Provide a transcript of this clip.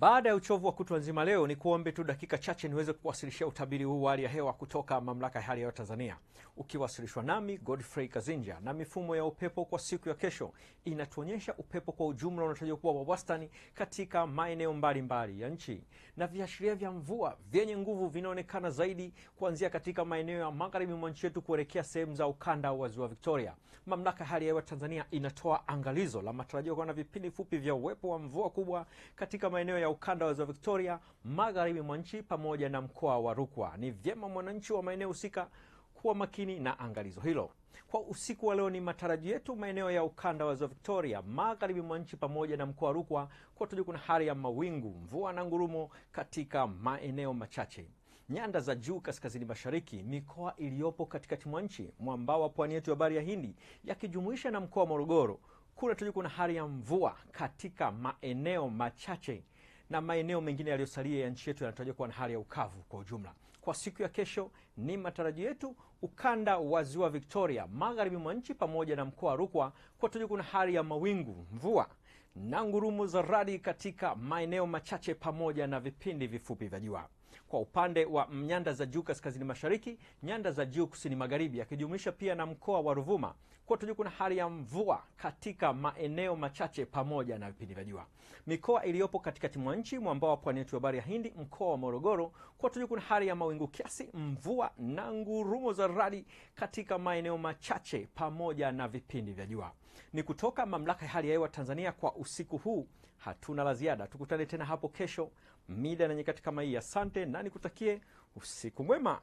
Baada ya uchovu wa kutwa nzima leo, ni kuombe tu dakika chache niweze kuwasilishia utabiri huu wa hali ya hewa kutoka Mamlaka ya Hali ya Hewa Tanzania, ukiwasilishwa nami Godfrey Kazinja. Na mifumo ya upepo kwa siku ya kesho inatuonyesha upepo kwa ujumla unatarajiwa kuwa wa wastani katika maeneo mbalimbali ya nchi, na viashiria vya mvua vyenye nguvu vinaonekana zaidi kuanzia katika maeneo ya magharibi mwa nchi yetu kuelekea sehemu za ukanda wa Ziwa Victoria. Mamlaka ya Hali ya Hewa Tanzania inatoa angalizo la matarajio kuwa na vipindi fupi vya uwepo wa mvua kubwa katika maeneo ya ya ukanda wa ziwa Victoria, magharibi mwa nchi pamoja na mkoa wa Rukwa. Ni vyema mwananchi wa maeneo husika kuwa makini na angalizo hilo. Kwa usiku wa leo, ni matarajio yetu maeneo ya ukanda wa ziwa Victoria, magharibi mwa nchi pamoja na mkoa wa Rukwa kuwa kuna hali ya mawingu, mvua na ngurumo katika maeneo machache nyanda za juu kaskazini mashariki, mikoa iliyopo katikati mwa nchi, mwambao wa pwani yetu ya bahari ya Hindi yakijumuisha na mkoa wa Morogoro, kunatarajiwa kuna hali ya mvua katika maeneo machache na maeneo mengine yaliyosalia ya nchi yetu yanatarajiwa kuwa na hali ya ukavu kwa ujumla. Kwa siku ya kesho, ni matarajio yetu ukanda wa ziwa Victoria, magharibi mwa nchi pamoja na mkoa wa Rukwa kuwa kuna hali ya mawingu, mvua na ngurumo za radi katika maeneo machache pamoja na vipindi vifupi vya jua. Kwa upande wa nyanda za juu kaskazini mashariki, nyanda za juu kusini magharibi, yakijumuisha pia na mkoa wa Ruvuma, kwote juu kuna hali ya mvua katika maeneo machache pamoja na vipindi vya jua. Mikoa iliyopo katikati mwa nchi, mwambao wa pwani yetu ya bahari ya Hindi, mkoa wa Morogoro, kwote juu kuna hali ya mawingu kiasi, mvua na ngurumo za radi katika maeneo machache pamoja na vipindi vya jua. Ni kutoka mamlaka ya hali ya hewa Tanzania kwa usiku huu. Hatuna la ziada, tukutane tena hapo kesho mida na nyakati kama hii. Asante na nikutakie usiku mwema.